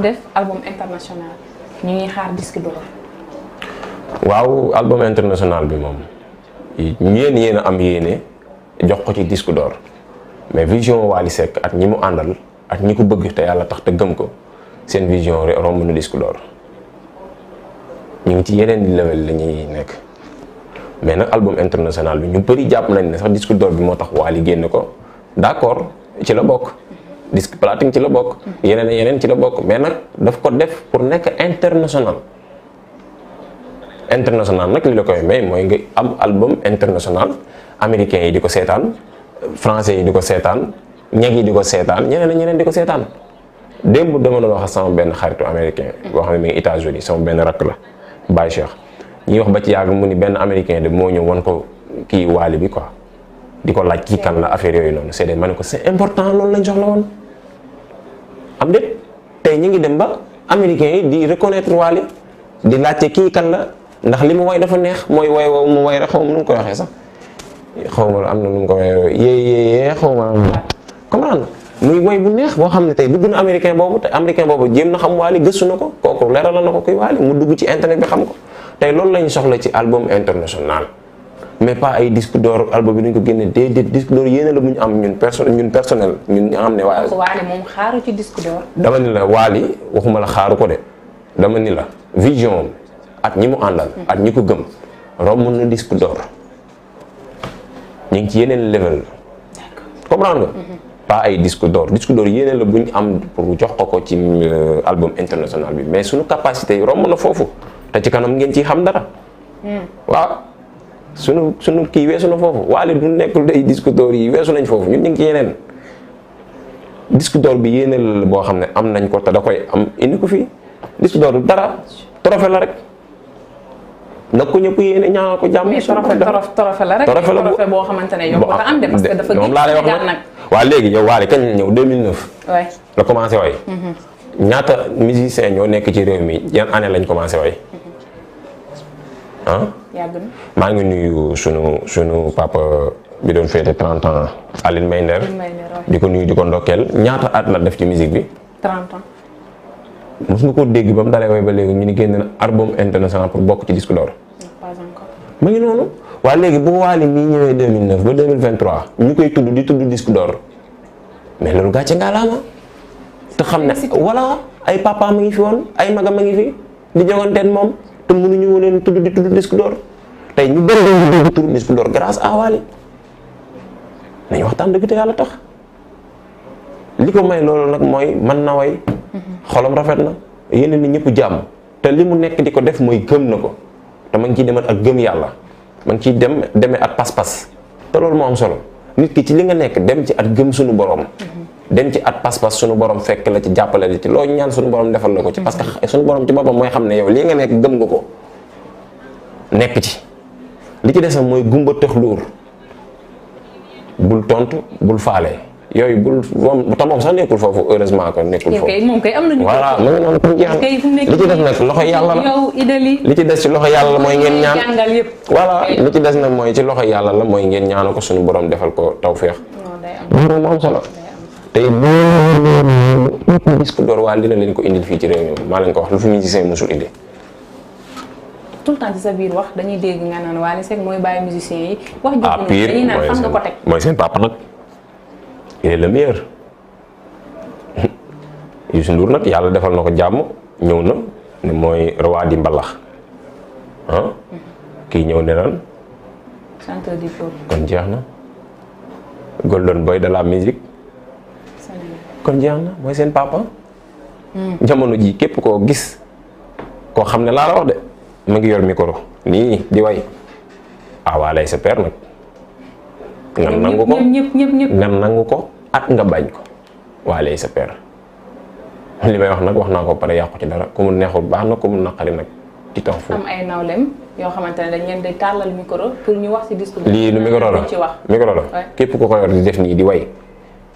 mu def album international bi moom ñeen yéen a am yéene jox ko ci disque d'or mais vision Wally sekk ak ñi mu àndal ak ñi ko bëgg te yàlla tax te gëm ko seen vision romb na disque d'or ñu ngi ci yeneen di level la ñuy nekk mais nag album international bi ñu bëri jàpp nañ ne sax disque d'or bi moo tax Wally génn ko d'accord ci la bokk disk plating ci la bok yenen yenen ci la bok mais nak daf ko def pour nek international international nak li la koy may moy nga am album international américain yi di sétane français yi di sétane seetaan yi di sétane seetaan ñeneen ñeneen di ko seetaan dama la wax sama ben xaritu américain bo xam mi ngi États-Unis sama ben rak la bay Cheikh ñi wax ba ci yag mu ni ben américain de mo won ko ki wali bi quoi di ko laaj ki kan la affaire yoy non c'est des ko c'est important loolu lañ la won am déet tey ñu ngi dem ba américains yi di reconnaître waali di laajte kii kan la ndax li mu way dafa neex mooy way woo mu way rek xaw ma nu mu koy waxee sax xaw ma am na nu mu ko way yee yee yee xaw ma am comprendre muy way bu neex boo xam ne tey dugg na américain boobu te américain boobu jéem na xam waali gëstu na ko kooku leeral na ko kuy waali mu dugg ci internet bi xam ko tey loolu lañu soxla ci album international mais pas ay disque d'or album bi dañ ko génne déedéet disque d'or yéene la ñu am ñun perso ñun personnel ñun nga xam ne. waaye waale ci disque d'or. dama ni la waali waxuma la xaaru ko de dama ni la vision ak ñi mu àndal. ak ñi ko gëm romb na disque d'or ñu ngi ci yeneen level. comprendre nga. Mhm. pas ay disque d'or disque d'or yéene la buñ ñu am pour jox ko ko ci euh, album international bi mais suñu capacité yi romb na foofu te ci kanam ngeen ciy xam dara. Hmm. waaw. sunu sunu kii weesu na foofu waale du nekkul day disque d'or yi weesu nañ foofu ñun ñu ngi ci yeneen disque d'or bi yéene la boo xam ne am nañ ko te da koy am indi ko fii disque d'or du dara trophée la rek na ko ñëpp yéene ñaanal ko jàmm. trophée la rek trophée la boo xamante ne yow ko am de parce que dafa moom laa lay wax nag waa léegi yow waale kañ ñëw 2009. waay la commencé way mm-hmm. ñaata musicien ñoo nekk ci réew mi yan année lañ commencé way ah. yàgg nuyu sunu sunu papa bi doon féete 30 ans Aline Mayndeer. di nuyu di ko ndokkeel ñaata at la def ci musique bi. 30 ans. mos nga koo dégg ba mu dalee way ba léegi ñu ni génn album international pour bokk ci disque d'or. pas encore. ma ngi noonu waaye bu Wally mii ñëwee 2009 ba 2023 ñu koy tudd di tudd disque d'or mais loolu gàcce ngaalaama. te xam ne ay papa ma fi woon ay magam ma ngi fi di joganteen moom te mënuñu ñu leen tuddu di tuddu disque d'or tay ñu bari dañu dugg tuddu disque d'or grâce à Wally nañ waxtaan deug te yalla tax liko may lolu nak moy man na way xolam rafet na yene ni ñepp te limu nekk diko def moy gëm nako te man ci demal ak gëm yalla man ci dem demé at pass pass te lolu mo am solo nit ki ci li nga nekk dem ci at gëm suñu dem ci at pas-pas suñu borom fekk la ci jàppale la ci loo ñaan suñu borom defal la ko ci parce que suñu borom ci boppam mooy xam ne yow lii nga nekk gëm nga ko nekk ci li ci desam mooy gumba luur bul tontu bul faale yooyu bul moom te moom sax nekkul foofu heureusement que nekkul foofu moom kay am nañu voilà na li des nag loxo yàlla la li ci des ci loxo yàlla mooy ngeen ñaan voilà li ci des nag mooy ci loxo yàlla la mooy ngeen ñaanu ko suñu boroom defal ko tawféex tey loolu loolu ko d'or walina len ko indil fi ci rew mi ma leen ko wax lu fi ci sey musul indi. tout temps ci sa bir wax dañuy dégg nga nan walé sék moy baye musicien yi. wax jot dañuy nan fan nga ko tek moy sen papa nak il est le meilleur. yu Ndour nak yalla defal nako jamm ñew na ne moy roi di mbalax han ki ñew ne nan chanteur di peuple kon jeex na. golden boy de la musique. kon jeex na mooy seen papa. Hmm. jamono ji képp koo gis koo xam ne laa la wax de mu ngi yor micro nii di way ah waa lay sa père nag. nga nangu ko ñëpp ñëpp nga nangu ko ak nga bañ ko waa lay sa père. wax nag wax naa ko pare ci dara ku mu neexul baax na ku mu naqari nag ci temps foofu. lii lu micro la ci wax micro képp ku ko yor di def nii di way.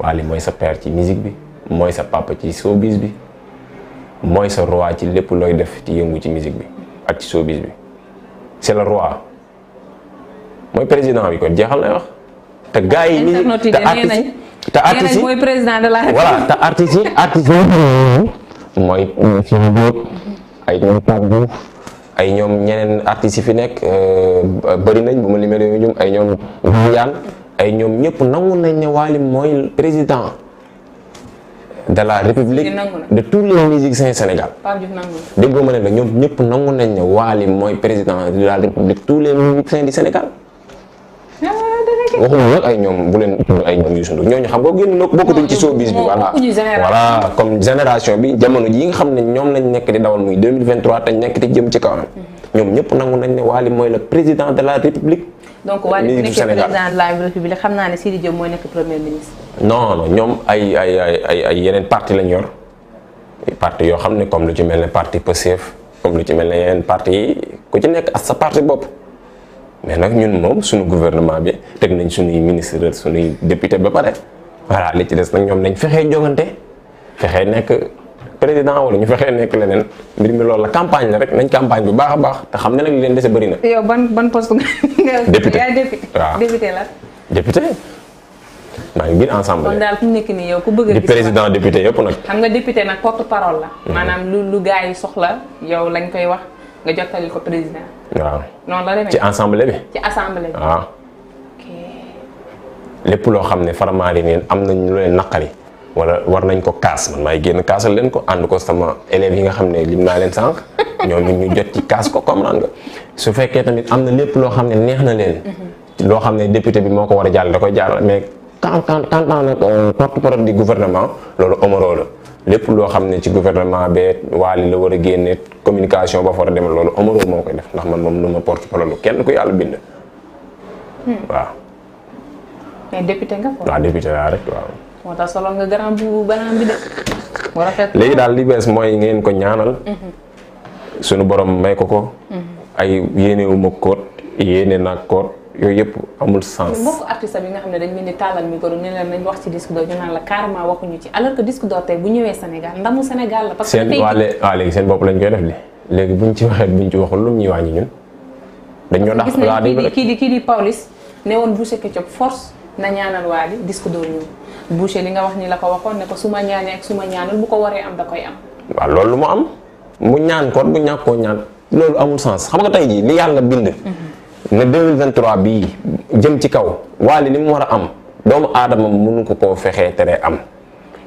Wally mooy sa père ci musique bi mooy sa papa ci showbiz bi mooy sa roi ci lépp looy def ci yëngu ci musique bi ak ci showbiz bi c'est le roi mooy président bi kon jeexal na wax te gars yi musique te artiste mooy président de ay ñoom Pape ay ñoom ñeneen artistes yi fi nekk euh, bëri nañ bu ma limee dañoo ay ñoom Viviane ay ñoom ñëpp nangu nañ ne Wally mooy président de la république de tous les musiciens Sénégal déggoo ma ne la ñoom ñëpp nangu nañ ne Wally mooy président de la république tous les musiciens du Sénégal ah, waxuma nag ay ñoom bu leen ay ñoom yu sunu ñooñu xam nga génn nag ci showbiz bi voilà voilà comme génération bi jamono ji nga xam ne ñoom lañ nekk di dawal muy 2023 te nekk di jëm ci kawam mm-hmm. ñoom ñëpp nangu nañ ne Wally mooy le président de la république donc waa nekk président de la république xam naa ne Sidi Diop mooy nekk premier ministre. non non ñoom ay ay ay ay yeneen parti lañ yor parti yoo xam ne comme lu ci mel ne parti Pastef comme lu ci mel ne yeneen parti yi ku ci nekk ak sa parti bopp. mais nag ñun moom suñu gouvernement bi teg nañ suñuy ministre suñuy député ba pare voilà li ci des nag ñoom nañ fexee jogante fexee nekk. président wala ñu fexee nekk leneen mbir mi loolu la campagne la rek nañ campagne bu baax a baax te xam ne nag leen dese bëri na. yow ban ban poste député député waaw député la. député maa ngi biir ensemble. kon nekk nii ku bëgg a. di président député yëpp nag. xam nga député nag porte parole la. Mm-hmm. maanaam soxla yow lañ koy wax nga jottali ko waaw noonu la demee ci assemblée bi. ci assemblée bi waaw. lépp loo xam ne faramaare yi am na lu leen naqari. wala war nañ ko kaas man maay génn kaasal leen ko ànd ko sama élève yi nga xam ne lim naa leen sànq ñoom it ñu jot ci kaas ko comprendre nga su fekkee tamit am na lépp loo xam ne neex na leen mhm. loo xam ne député bi moo ko war a jàll da koy jàll mais quand quand quand nag euh, porte-parole du loolu Omaro la lépp loo xam ne ci gouvernement bee waali la war a génne communication ba fa war moo koy def ndax man moom nu ma porte-parole kenn ku yàlla bind hmm. waaw mais député nga rek waaw moo tax solo nga grand bu banaan bi de mu rafet léegi daal li bees mooy ngeen ko ñaanal suñu borom may ko ko ay yéenewuma koot yéene naag koot yooyu yëpp amul sens mbokk artiste bi xam ne dañ leen di tàllal micro ne leen nañ wax ci disque d'or ñu waxuñu ci alors que disque d'or tey bu ñëwee Sénégal ndamu Sénégal la parce que seen waa lañ koy def li léegi buñ ci waxee buñ ci waxul lu ñuy wàññi ñun dañoo dax kii di kii ne woon Boucher Ketchup force na ñaanal waa li disque d'or ñëw boucher li nga wax ni la ko waxon ne ko suma ñaané ak suma ñaanul bu ko waré am da koy am. wa loolu mu am mu ñaan kon bu ñàkkoo ñaan loolu amul sens xam nga tay ji li yalla bind. ne 2023 bi jëm ci kaw am doomu aadama mënu ko koo fexee tere am.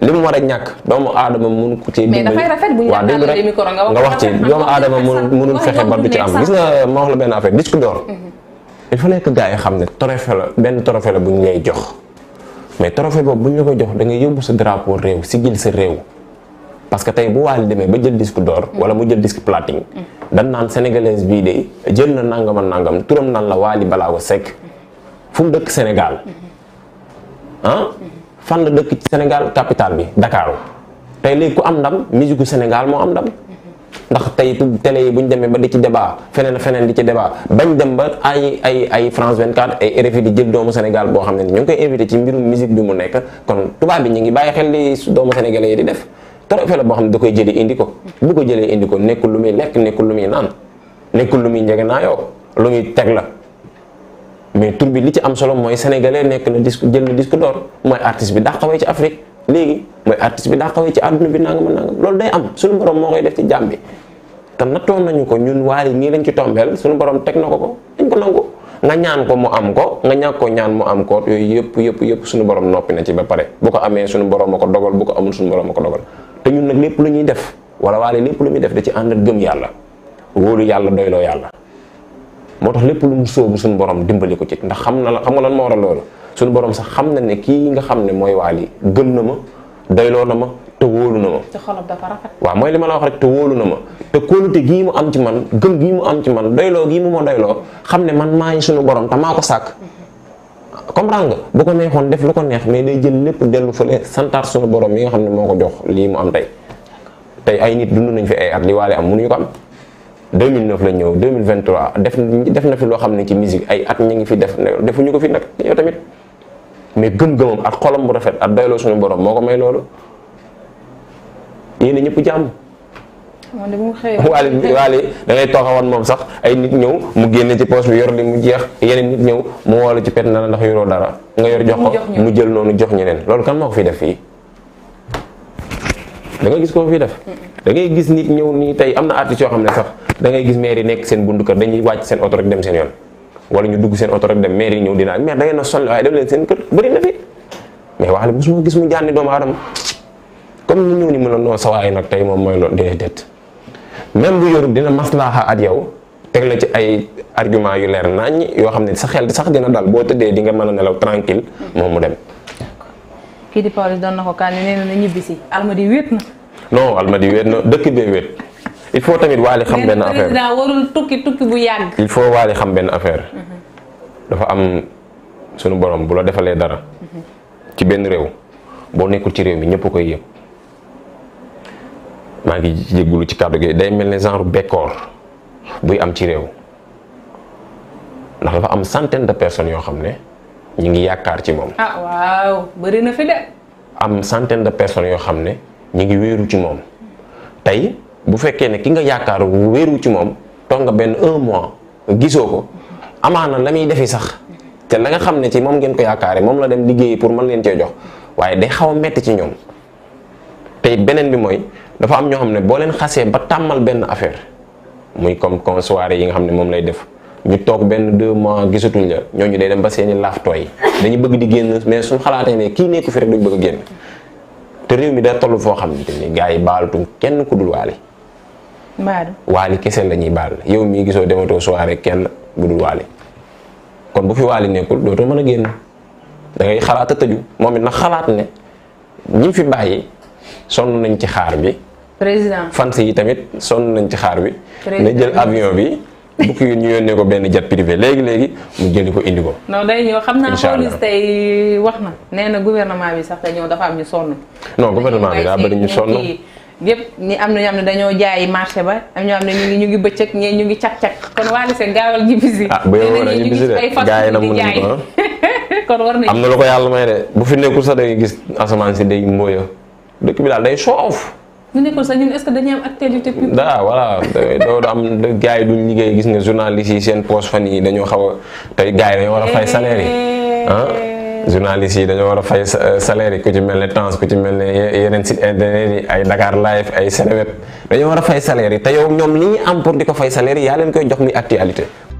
li wara ñak doomu aadama mënu ko ci dimbali mais dafay rafet bu ñu ñàkkalee micro nga wax ci doomu aadama mënul fexé ba du ci am gis nga ma wax la ben affaire disque d'or il fallait que gars trophée la trophée la lay jox mais trophée bobu bu ñu la ko jox da ngay yobbu sa drapeau rew sigil sa rew parce que tay bu wal demé ba jël disque d'or mm. wala mu jël disque platine mm. dan nan sénégalaise bi dé jël na nangam nangam turam nan la Wally Ballago Seck fu dëkk Sénégal mm-hmm. ah fan la dëkk ci Sénégal capitale bi Dakar tay li ku am ndam musique Sénégal mo am ndam ndax tey télé yi bu demee ba di ci débat feneen feneen di ci débat bañ dem ba ay ay ay France 24 ay RFI di jël doomu Sénégal boo xam ne ñu ngi koy invité ci mbirum musique bi mu nekk kon tubaab bi ñu ngi bàyyi xel li doomu sénégalais yi di def trophée la boo xam ne da koy jëlee indi ko bu ko jëlee indi ko nekkul lu muy lekk nekkul lu muy naan nekkul lu muy njege naa yow lu muy teg la mais tur bi li ci am solo mooy sénégalais nekk na disque jël na disque d'or mooy artiste léegi mooy artiste bi daa xawee ci àdduna bi nangam nangam loolu day am suñu borom moo koy def ci jàmm bi te nattoon nañu ko ñun waali ñii lañ ci tombeel suñu borom teg na ko ko dañ ko nangu nga ñaan ko mu am ko nga ñàkk ko ñaan mu am ko yooyu yëpp yëpp yëpp suñu borom noppi na ci pare bu ko amee suñu borom ma ko dogal bu ko amul suñu borom ma ko dogal te ñun nag lépp lu ñuy def wala waale lépp lu muy def da ci ànd ak gëm yàlla wóolu yàlla doyloo yàlla moo tax lépp lu mu sóobu suñu borom dimbali ko ci ndax xam na la xam nga lan moo waral loolu suñu borom sax xam na ne kii nga xam ne mooy waali gën na ma doyloo na ma te wóolu na ma. te waaw mooy li la wax rek te wóolu na ma te kóolute gii mu am ci man gën gii mu am ci man doyloo gii mu ma doyloo xam ne man maa ngi suñu borom te maa ko sàkk. comprendre nga bu ko neexoon def lu ko neex mais day jël lépp dellu fële santaat suñu borom mi nga xam ne moo ko jox lii mu am tey. tey ay nit dund nañ fi ay at li waale am mënuñu ko am 2009 la ñëw 2023 def def na fi loo xam ne ci musique ay at ñu ngi fi def defu ñu ko fi nag yow tamit. mais gëm-gëmam ak xolam bu rafet ak daylo suñu borom moko may lolu yene ñepp jamm mo de mu xëy wali da ngay toxawon mom sax ay nit ñew mu génne ci poste bi yor li mu jeex yene nit ñew mu woo ci pet na la ndax yoro dara. nga yor jox ko mu jël nonu jox ñeneen lolu kan moko fi def fi da nga gis ko fi def. da ngay gis nit ñew ni tay amna artiste yo xamne sax da ngay gis maire yi nekk seen bundu kër dañuy wacc seen auto rek dem seen yoon. wala ñu dugg seen autorité dem maire yi ñëw dina maire da ngeen a sonn waaye dem leen seen kër bëri fi mais wax la mosuma gis mu jànni doomu aadama comme ñu ñëw ni mën a noo sawaay nag tey moom mooy loolu déedéet même bu yorul dina maslaaxa at yow teg la ci ay argument yu leer naññ yoo xam ne sa xel sax dina dal boo tëddee di nga mën nelaw tranquille moom mu dem kii di Pawlish doon na ko kaan nee na ñibbi almadi wéet na non almadi wéet na dëkk bee wéet il faut tamit waali xam benn affaire président warul xam benn affaire. dafa am sunu borom bu la defalee dara. ci benn réew boo nekkul ci réew mi ñëpp koy yëpp maa ngi jéggulu ci kàddu gi day mel ne genre bekkoor buy am ci réew ndax dafa am centaine de personnes yoo xam ne ñu ngi yaakaar ci moom. ah waaw bëri na fi de. am centaine de personnes yoo xam ne ñu ngi wéeru ci moom tey bu fekkee ne ki nga yaakaar wéeru ci moom toog nga benn un mois gisoo ko amaana la muy defi sax te la nga xam ne ci moom ngeen ko yaakaare moom la dem liggéeyi pour mën leen cee jox waaye day xaw a metti ci ñoom tey beneen bi mooy dafa am ñoo xam ne boo leen xasee ba tàmmal benn affaire muy comme comme yi nga xam ne moom lay def ñu toog benn deux mois gisatuñ la ñooñu day dem ba seeni laaf tooy dañu bëgg di génn mais suñ xalaatee ne kii nekku fi rek duñ bëgg a génn te réew mi da toll foo xam ne gars yi baalutuñ kenn ku dul waale waali kese la ñuy baal yow mii gisoo dematoo soirée kenn bu dul waali kon bu fi waali nekkul dootoo mën a génn da ngay xalaat a tëju moom it na xalaat ne ñi fi bàyyi sonn nañ ci xaar bi. président fans yi tamit sonn nañ ci xaar bi. na jël avion bi. bukki ñu yónnee ko benn jet privé léegi léegi mu jëli ko indi ko. non day ñëw xam naa police tey wax na. nee na gouvernement bi sax dañoo dafa am ñu sonn. non gouvernement bi daa bëri ñu sonn. yëpp ni am na ñoo xam ne dañoo jaayi marché ba am ñoo ñu ngi ñu bëccëg ñu ngi cak-cak kon Wally Seck gaawal ñibbisi ah, a ñibbisi yi na mun nañu ko ah. am na lu yàlla may bu fi nekkul sax da gis asamaan si day mbóoya dëkk bi daal day show am actualité publique. daa gis nga journaliste yi seen poche fan yi dañoo xaw a tey gars yi dañoo war a fay salaire ah. journaliste yi dañoo war a fay euh, salaire yi ku ci mel ne temps ku ci mel ne yeneen site internet yi ay Dakar live ay Seneweb dañoo war a fay salaire yi te ñoom li ñu am pour di ko fay salaire yi yaa leen koy jox mi actualité